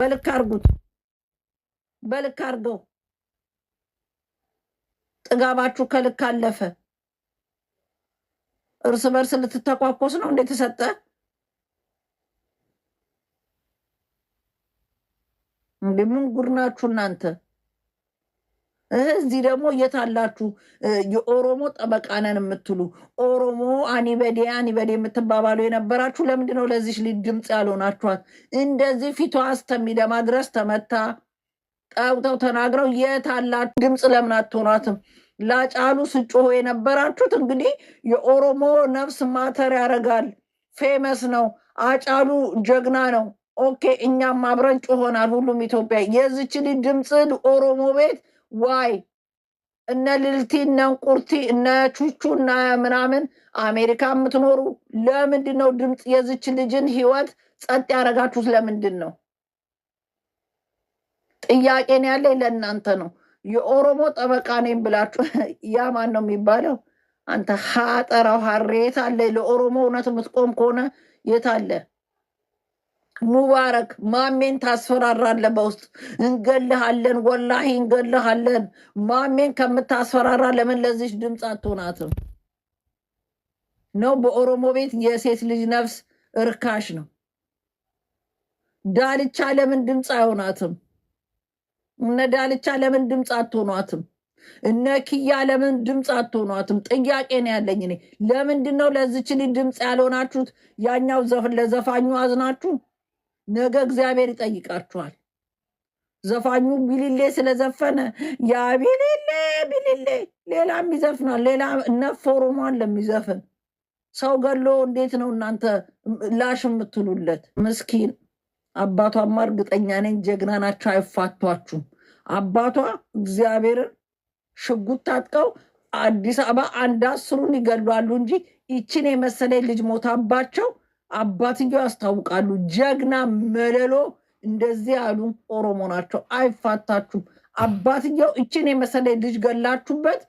በልክ አርጉት፣ በልክ አርገው። ጥጋባችሁ ከልክ አለፈ። እርስ በርስ ልትተኳኮስ ነው እንደ ተሰጠ እንግዲህ ምን ጉድ ናችሁ እናንተ? እዚህ ደግሞ እየታላችሁ የኦሮሞ ጠበቃ ነን የምትሉ ኦሮሞ አኒበዴ አኒበዴ የምትባባሉ የነበራችሁ ለምንድን ነው ለዚህ ልጅ ድምፅ ያልሆናችኋት? እንደዚህ ፊቷ እስከሚደማ ድረስ ተመታ ጠውተው ተናግረው የታላችሁ ድምፅ ለምን አትሆኗትም? ላጫሉ ስጮሆ የነበራችሁት እንግዲህ የኦሮሞ ነፍስ ማተር ያደርጋል። ፌመስ ነው። አጫሉ ጀግና ነው። ኦኬ እኛም አብረን ጮሆናል። ሁሉም ኢትዮጵያ የዚች ልጅ ድምፅ ኦሮሞ ቤት ዋይ እነ ልልቲ እነ እንቁርቲ እነ ቹቹ እና ምናምን አሜሪካ የምትኖሩ ለምንድን ነው ድምፅ የዝች ልጅን ህይወት ጸጥ ያደረጋችሁት? ለምንድን ነው ጥያቄን ያለ ለእናንተ ነው። የኦሮሞ ጠበቃ ነኝ ብላችሁ ያ ማን ነው የሚባለው? አንተ ሀጠራው ሀሬ የት አለ? ለኦሮሞ እውነት የምትቆም ከሆነ የት አለ? ሙባረክ ማሜን ታስፈራራለ በውስጥ እንገልሃለን፣ ወላሂ እንገልሃለን። ማሜን ከምታስፈራራ ለምን ለዚች ድምፅ አትሆናትም? ነው በኦሮሞ ቤት የሴት ልጅ ነፍስ እርካሽ ነው። ዳልቻ ለምን ድምፅ አይሆናትም? እነ ዳልቻ ለምን ድምፅ አትሆኗትም? እነ ኪያ ለምን ድምፅ አትሆኗትም? ጥያቄ ነው ያለኝ እኔ። ለምንድን ነው ለዚች ልጅ ድምፅ ያልሆናችሁት? ያኛው ለዘፋኙ አዝናችሁ ነገ እግዚአብሔር ይጠይቃችኋል። ዘፋኙ ቢሊሌ ስለዘፈነ ያ ቢሊሌ ቢሊሌ ሌላም ይዘፍናል። ሌላ እነፎሩማን ለሚዘፍን ሰው ገሎ እንዴት ነው እናንተ ላሽ የምትሉለት? ምስኪን አባቷማ እርግጠኛ ነኝ ጀግና ናቸው፣ አይፋቷችሁም። አባቷ እግዚአብሔርን ሽጉት ታጥቀው አዲስ አበባ አንድ አስሩን ይገሏሉ እንጂ ይችን የመሰለ ልጅ ሞታባቸው አባትየው ያስታውቃሉ። ጀግና መለሎ እንደዚህ ያሉ ኦሮሞ ናቸው። አይፋታችሁም። አባትየው እችን የመሰለ ልጅ ገላችሁበት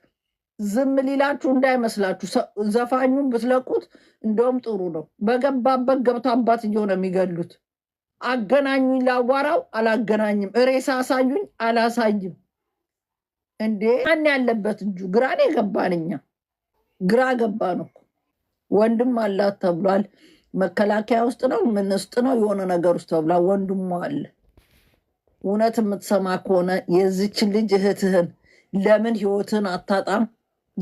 ዝም ሊላችሁ እንዳይመስላችሁ። ዘፋኙን ብትለቁት እንደውም ጥሩ ነው። በገባበት ገብቶ አባትየው ነው የሚገሉት። አገናኙኝ ላዋራው አላገናኝም። ሬሳ አሳዩኝ አላሳይም። እንዴ ማን ያለበት እጁ ግራን የገባን እኛ ግራ ገባን እኮ ወንድም አላት ተብሏል። መከላከያ ውስጥ ነው ምን ውስጥ ነው የሆነ ነገር ውስጥ ተብላ ወንድሟ አለ። እውነት የምትሰማ ከሆነ የዚችን ልጅ እህትህን ለምን ህይወትህን አታጣም?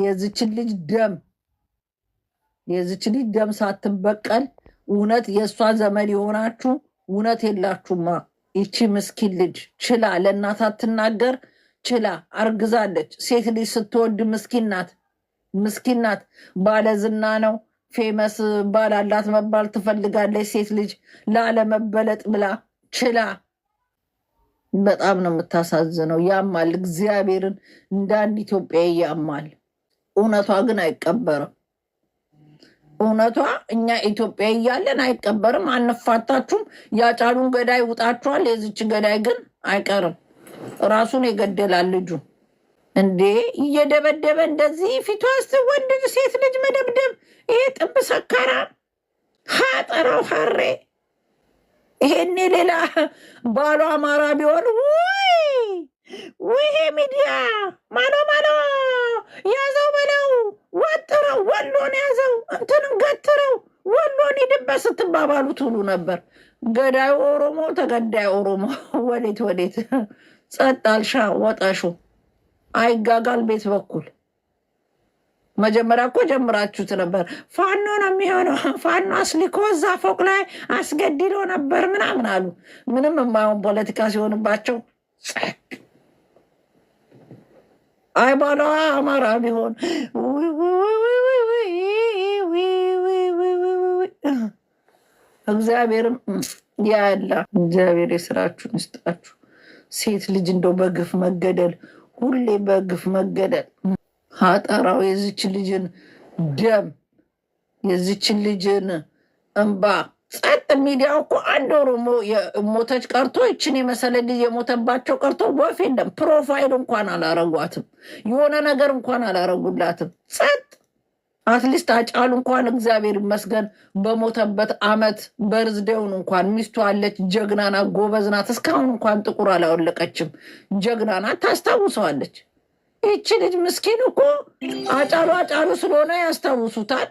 የዚችን ልጅ ደም የዚችን ልጅ ደም ሳትበቀል እውነት የእሷ ዘመን የሆናችሁ እውነት የላችሁማ። ይቺ ምስኪን ልጅ ችላ ለእናት አትናገር፣ ችላ አርግዛለች። ሴት ልጅ ስትወድ ምስኪን ናት፣ ምስኪን ናት። ባለዝና ነው ፌመስ ባል አላት መባል ትፈልጋለች። ሴት ልጅ ላለመበለጥ ብላ ችላ በጣም ነው የምታሳዝነው። ያማል፣ እግዚአብሔርን እንደ አንድ ኢትዮጵያዊ ያማል። እውነቷ ግን አይቀበርም። እውነቷ እኛ ኢትዮጵያ እያለን አይቀበርም። አንፋታችሁም። ያጫሉን ገዳይ ውጣችኋል። የዝች ገዳይ ግን አይቀርም። ራሱን የገደላል ልጁ እንዴ እየደበደበ እንደዚህ ፊቷ ስ ወንድ ሴት ልጅ መደብደብ፣ ይሄ ጥብ ሰካራ ሀጠራው ሀሬ ይሄኔ ሌላ ባሉ አማራ ቢሆን ውይ ውሄ ሚዲያ ማኖ ማኖ ያዘው በለው ወጥረው ወሎን ያዘው እንትንም ገትረው ወሎን ሂድበት ስትባባሉ ትውሉ ነበር። ገዳዩ ኦሮሞ፣ ተገዳይ ኦሮሞ። ወዴት ወዴት ጸጥ አልሻ ወጣሹ አይጋጋል ቤት በኩል መጀመሪያ እኮ ጀምራችሁት ነበር። ፋኖ ነው የሚሆነው፣ ፋኖ አስልኮ እዛ ፎቅ ላይ አስገድሎ ነበር ምናምን አሉ። ምንም የማይሆን ፖለቲካ ሲሆንባቸው አይ አማራ ቢሆን እግዚአብሔርም ያላ እግዚአብሔር የስራችሁን ይስጣችሁ። ሴት ልጅ እንደው በግፍ መገደል ሁሌ በግፍ መገደል ሀጠራው የዚች ልጅን ደም የዚችን ልጅን እንባ ጸጥ ሚዲያው እኮ አንድ ኦሮሞ ሞተች ቀርቶ ይችን የመሰለ ልጅ የሞተባቸው ቀርቶ ወፍ የለም ፕሮፋይል እንኳን አላረጓትም። የሆነ ነገር እንኳን አላረጉላትም። ጸጥ አትሊስት አጫሉ እንኳን እግዚአብሔር ይመስገን በሞተበት አመት በርዝደውን እንኳን ሚስቱ አለች። ጀግናና ጎበዝናት። እስካሁን እንኳን ጥቁር አላወለቀችም። ጀግናናት ታስታውሰዋለች። ይቺ ልጅ ምስኪን እኮ አጫሉ አጫሉ ስለሆነ ያስታውሱታል።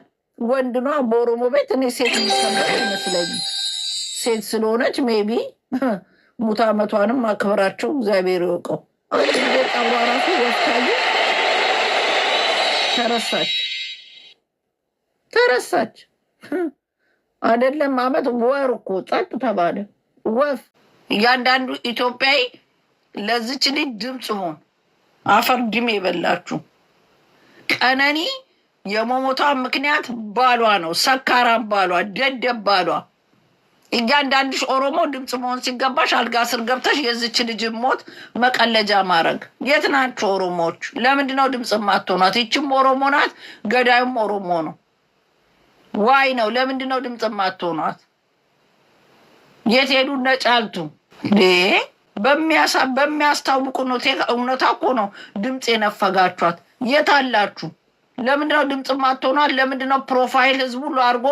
ወንድኗ በኦሮሞ ቤት እኔ ሴት የሚሰማት ይመስለኝ ሴት ስለሆነች ሜቢ ሙት አመቷንም አክብራቸው እግዚአብሔር ይወቀው። አንድ ጊዜ ጠሯ ወታዩ ተረሳች። ተረሳች። አይደለም አመት ወር እኮ ጸጥ ተባለ። ወፍ እያንዳንዱ ኢትዮጵያዊ ለዚች ልጅ ድምፅ ሆን አፈር ድሜ የበላችሁ ቀነኒ የመሞቷ ምክንያት ባሏ ነው። ሰካራም ባሏ፣ ደደብ ባሏ። እያንዳንድሽ ኦሮሞ ድምፅ መሆን ሲገባሽ አልጋ ስር ገብተሽ የዚች ልጅ ሞት መቀለጃ ማድረግ። የት ናችሁ ኦሮሞዎች? ለምንድነው ድምፅ ማትሆኗት? ይችም ኦሮሞ ናት፣ ገዳዩም ኦሮሞ ነው። ዋይ ነው። ለምንድን ነው ድምፅ ማትሆኗት? የት ሄዱ እነ ጫልቱ? በሚያስታውቁ ነው። እውነታ እኮ ነው። ድምፅ የነፈጋችኋት የት አላችሁ? ለምንድነው ነው ድምፅ ማትሆኗት? ለምንድነው ነው ፕሮፋይል ህዝቡ ሁሉ አድርጎ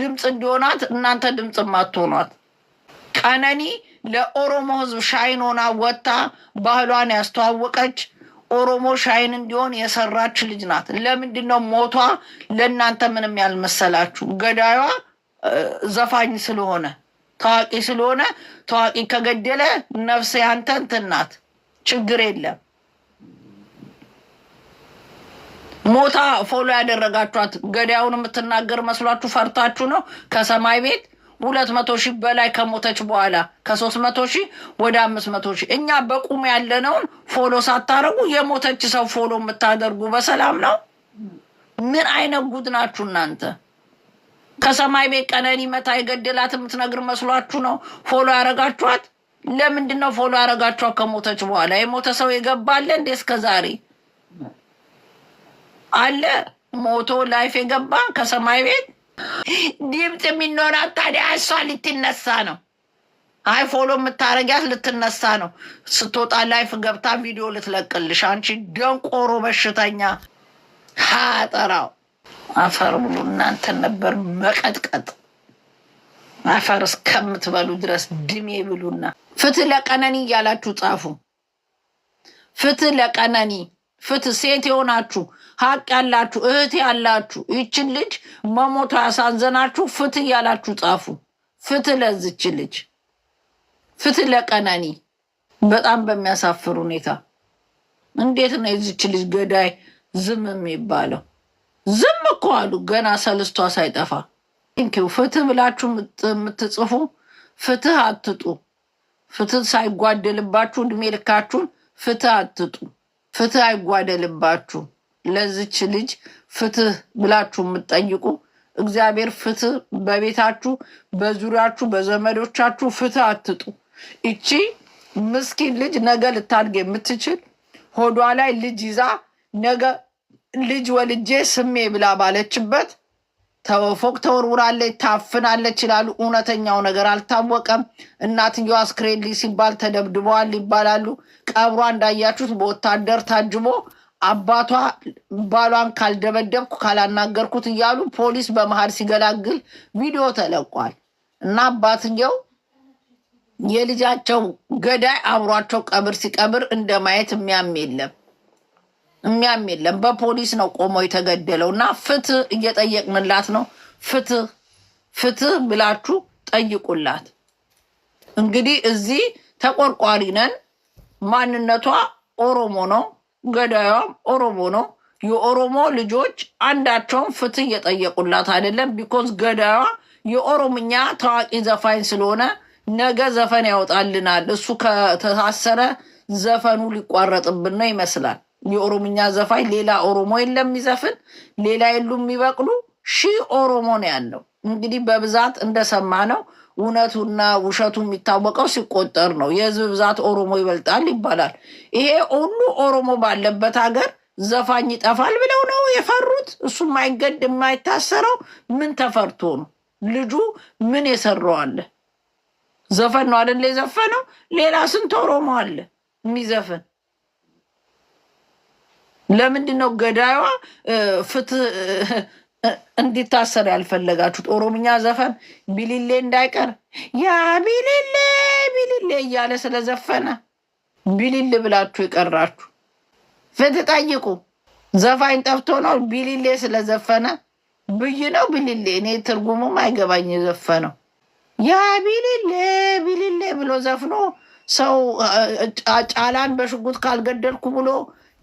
ድምፅ እንዲሆናት እናንተ ድምፅ ማትሆኗት? ቀነኒ ለኦሮሞ ህዝብ ሻይኖና ወጥታ ባህሏን ያስተዋወቀች ኦሮሞ ሻይን እንዲሆን የሰራች ልጅ ናት። ለምንድን ነው ሞቷ ለእናንተ ምንም ያልመሰላችሁ? ገዳዩዋ ዘፋኝ ስለሆነ ታዋቂ ስለሆነ ታዋቂ ከገደለ ነፍስ ያንተ እንትን ናት፣ ችግር የለም። ሞታ ፎሎ ያደረጋችኋት ገዳዩን የምትናገር መስሏችሁ ፈርታችሁ ነው ከሰማይ ቤት ሁለት መቶ ሺህ በላይ ከሞተች በኋላ ከሶስት መቶ ሺህ ወደ አምስት መቶ ሺህ እኛ በቁም ያለነውን ፎሎ ሳታረጉ የሞተች ሰው ፎሎ የምታደርጉ በሰላም ነው። ምን አይነት ጉድ ናችሁ እናንተ? ከሰማይ ቤት ቀነኒ መታ የገደላት የምትነግር መስሏችሁ ነው ፎሎ ያረጋችኋት? ለምንድን ነው ፎሎ ያረጋችኋት? ከሞተች በኋላ የሞተ ሰው የገባለ እንዴ? እስከ ዛሬ አለ ሞቶ ላይፍ የገባ ከሰማይ ቤት ድምፅ የሚኖራት ታዲያ እሷ ልትነሳ ነው። አይ ፎሎ የምታረጊያት ልትነሳ ነው። ስትወጣ ላይፍ ገብታ ቪዲዮ ልትለቅልሽ። አንቺ ደንቆሮ በሽተኛ ሀጠራው አፈር ብሎ እናንተን ነበር መቀጥቀጥ አፈር እስከምትበሉ ድረስ ድሜ ብሉና ፍትህ ለቀነኒ እያላችሁ ጻፉ። ፍትህ ለቀነኒ ፍትህ ሴት የሆናችሁ ሀቅ ያላችሁ እህት ያላችሁ ይችን ልጅ መሞቷ ያሳዘናችሁ ፍትህ ያላችሁ ጻፉ። ፍትህ ለዝች ልጅ፣ ፍትህ ለቀነኒ። በጣም በሚያሳፍር ሁኔታ እንዴት ነው የዚች ልጅ ገዳይ ዝም የሚባለው? ዝም እኮ አሉ ገና ሰልስቷ ሳይጠፋ። ንኪው ፍትህ ብላችሁ የምትጽፉ ፍትህ አትጡ። ፍትህ ሳይጓደልባችሁ እድሜ ልካችሁን ፍትህ አትጡ። ፍትህ አይጓደልባችሁ። ለዚች ልጅ ፍትህ ብላችሁ የምትጠይቁ እግዚአብሔር ፍትህ በቤታችሁ፣ በዙሪያችሁ፣ በዘመዶቻችሁ ፍትህ አትጡ። ይቺ ምስኪን ልጅ ነገ ልታድግ የምትችል ሆዷ ላይ ልጅ ይዛ ነገ ልጅ ወልጄ ስሜ ብላ ባለችበት ተወፎቅ ተወርውራለች፣ ታፍናለች ይላሉ። እውነተኛው ነገር አልታወቀም። እናትየዋ አስክሬን ሲባል ተደብድበዋል ይባላሉ። ቀብሯ እንዳያችሁት በወታደር ታጅቦ አባቷ ባሏን ካልደበደብኩ ካላናገርኩት እያሉ ፖሊስ በመሀል ሲገላግል ቪዲዮ ተለቋል እና አባትየው የልጃቸው ገዳይ አብሯቸው ቀብር ሲቀብር እንደማየት የሚያም የለም የሚያም የለም። በፖሊስ ነው ቆሞ የተገደለው እና ፍትህ እየጠየቅንላት ነው። ፍትህ ፍትህ ብላችሁ ጠይቁላት። እንግዲህ እዚህ ተቆርቋሪ ነን። ማንነቷ ኦሮሞ ነው። ገዳዩም ኦሮሞ ነው። የኦሮሞ ልጆች አንዳቸውም ፍትህ እየጠየቁላት አይደለም። ቢኮዝ ገዳዩዋ የኦሮምኛ ታዋቂ ዘፋኝ ስለሆነ ነገ ዘፈን ያወጣልናል። እሱ ከተሳሰረ ዘፈኑ ሊቋረጥብን ነው ይመስላል። የኦሮምኛ ዘፋኝ ሌላ ኦሮሞ የለም የሚዘፍን፣ ሌላ የሉ የሚበቅሉ ሺህ ኦሮሞ ነው ያለው። እንግዲህ በብዛት እንደሰማ ነው እውነቱና ውሸቱ የሚታወቀው ሲቆጠር ነው። የህዝብ ብዛት ኦሮሞ ይበልጣል ይባላል። ይሄ ሁሉ ኦሮሞ ባለበት ሀገር ዘፋኝ ይጠፋል ብለው ነው የፈሩት። እሱ የማይገድ የማይታሰረው ምን ተፈርቶ ነው? ልጁ ምን አለ ዘፈን ነው አደለ የዘፈነው። ሌላ ስንት ኦሮሞ አለ የሚዘፍን። ለምንድን ነው ገዳይዋ ፍትህ እንዲታሰር ያልፈለጋችሁት ኦሮምኛ ዘፈን ቢሊሌ እንዳይቀር ያ ቢሊሌ ቢሊሌ እያለ ስለዘፈነ ቢሊል ብላችሁ የቀራችሁ ፍትህ ጠይቁ። ዘፋኝ ጠፍቶ ነው ቢሊሌ ስለዘፈነ ብይ ነው ቢሊሌ። እኔ ትርጉሙም አይገባኝ የዘፈነው ያ ቢሊሌ ቢሊሌ ብሎ ዘፍኖ ሰው ጫላን በሽጉጥ ካልገደልኩ ብሎ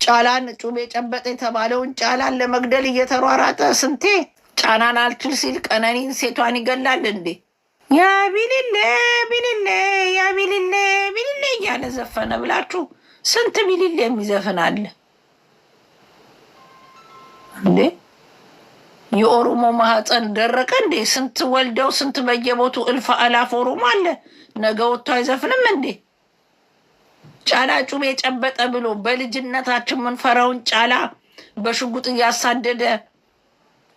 ጫላን ጩቤ ጨበጠ የተባለውን ጫላን ለመግደል እየተሯራጠ ስንቴ ጫናን አልችል ሲል ቀነኒን ሴቷን ይገላል እንዴ? ቢሊሌ ያ ቢሊሌ ቢሊሌ እያለ ዘፈነ ብላችሁ ስንት ቢሊሌ የሚዘፍን አለ እንዴ? የኦሮሞ ማህፀን ደረቀ እንዴ? ስንት ወልደው ስንት በየቦቱ እልፍ አላፍ ኦሮሞ አለ። ነገ ወጥቶ አይዘፍንም እንዴ? ጫላ ጩቤ ጨበጠ ብሎ በልጅነታችን ምንፈራውን ጫላ በሽጉጥ እያሳደደ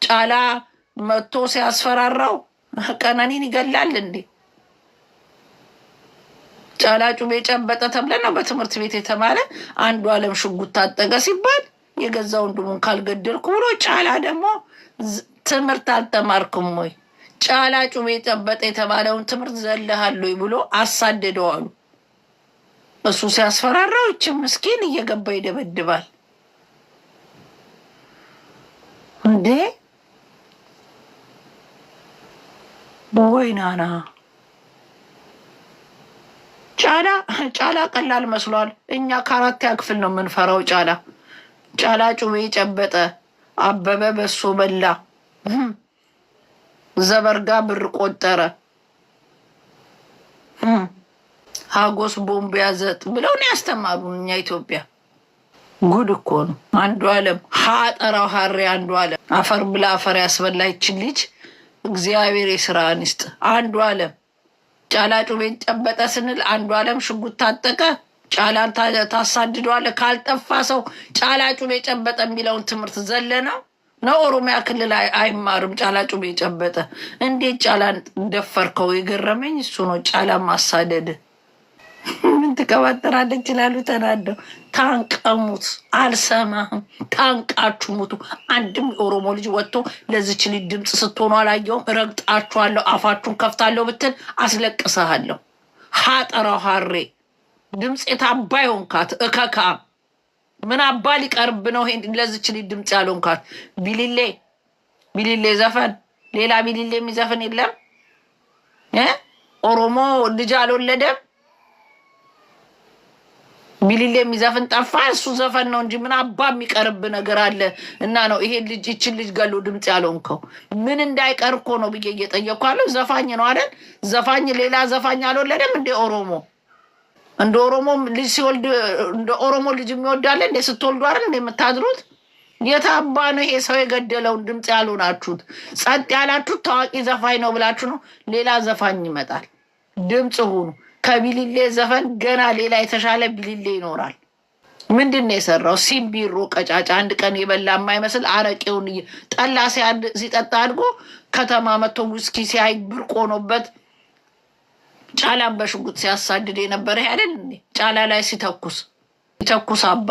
ጫላ መጥቶ ሲያስፈራራው ቀነኒን ይገላል እንዴ? ጫላ ጩቤ ጨበጠ ተብለን ነው በትምህርት ቤት የተማረ። አንዱ አለም ሽጉጥ ታጠቀ ሲባል የገዛ ወንድሙን ካልገደልኩ ብሎ ጫላ ደግሞ ትምህርት አልተማርክም ወይ ጫላ ጩቤ ጨበጠ የተባለውን ትምህርት ዘለሃል ወይ ብሎ አሳደደዋሉ። እሱ ሲያስፈራራው እች ምስኪን እየገባ ይደበድባል እንዴ! ወይ ናና ጫላ ጫላ ቀላል መስሏል። እኛ ከአራት ያክፍል ነው የምንፈራው። ጫላ ጫላ ጩቤ ጨበጠ፣ አበበ በሶ በላ፣ ዘበርጋ ብር ቆጠረ። ሀጎስ ቦምብ ያዘጥ ብለው ነው ያስተማሩን። እኛ ኢትዮጵያ ጉድ እኮ ነው። አንዱ አለም ሀጠራው ሀሬ አንዱ አለም አፈር ብላ አፈር ያስበላችን ልጅ እግዚአብሔር የስራ አንስጥ። አንዱ አለም ጫላጩ ቤት ጨበጠ ስንል አንዱ አለም ሽጉት ታጠቀ። ጫላን ታሳድደዋለ። ካልጠፋ ሰው ጫላጩ ቤት ጨበጠ የሚለውን ትምህርት ዘለነው ነው። ኦሮሚያ ክልል አይማርም። ጫላጩ ቤት ጨበጠ እንዴት ጫላን ደፈርከው? የገረመኝ እሱ ነው። ጫላ ማሳደድ ምን ትቀባጠራለች ይላሉ ተናደው። ታንቀሙት አልሰማህም፣ ታንቃችሁ ሙቱ። አንድም የኦሮሞ ልጅ ወጥቶ ለዚች ልጅ ድምፅ ስትሆኑ አላየውም። ረግጣችኋለሁ፣ አፋችሁን ከፍታለሁ ብትል አስለቅሰሃለሁ። ሀጠራው ሀሬ ድምፅ የታባ የሆንካት እከካ ምን አባ ሊቀርብ ነው? ይሄን ለዚች ልጅ ድምፅ ያልሆንካት ቢሊሌ ቢሊሌ ዘፈን ሌላ ቢሊሌ የሚዘፍን የለም። ኦሮሞ ልጅ አልወለደም። ሚሊሌ የሚዘፍን ጠፋ። እሱ ዘፈን ነው እንጂ ምን አባ የሚቀርብ ነገር አለ? እና ነው ይሄ ልጅ ይችን ልጅ ገሎ ድምፅ ያለውንከው ምን እንዳይቀር እኮ ነው ብዬ እየጠየቅኩ ዘፋኝ ነው አይደል? ዘፋኝ ሌላ ዘፋኝ አልወለደም እንደ ኦሮሞ እንደ ኦሮሞ ልጅ ሲወልድ እንደ ኦሮሞ ልጅ የሚወዳለ እንደ ስትወልዱ አይደል እንደ የምታድሩት የታባ ነው ይሄ ሰው የገደለውን ድምፅ ያልሆናችሁት ጸጥ ያላችሁት ታዋቂ ዘፋኝ ነው ብላችሁ ነው። ሌላ ዘፋኝ ይመጣል። ድምፅ ሁኑ። ከቢሊሌ ዘፈን ገና ሌላ የተሻለ ቢሊሌ ይኖራል። ምንድን ነው የሰራው? ሲምቢሮ ቀጫጫ፣ አንድ ቀን የበላ የማይመስል አረቄውን ጠላ ሲጠጣ አድጎ ከተማ መቶ ውስኪ ሲያይ ብርቅ ሆኖበት ጫላን በሽጉጥ ሲያሳድድ የነበረ ያለን ጫላ ላይ ሲተኩስ ይተኩስ አባ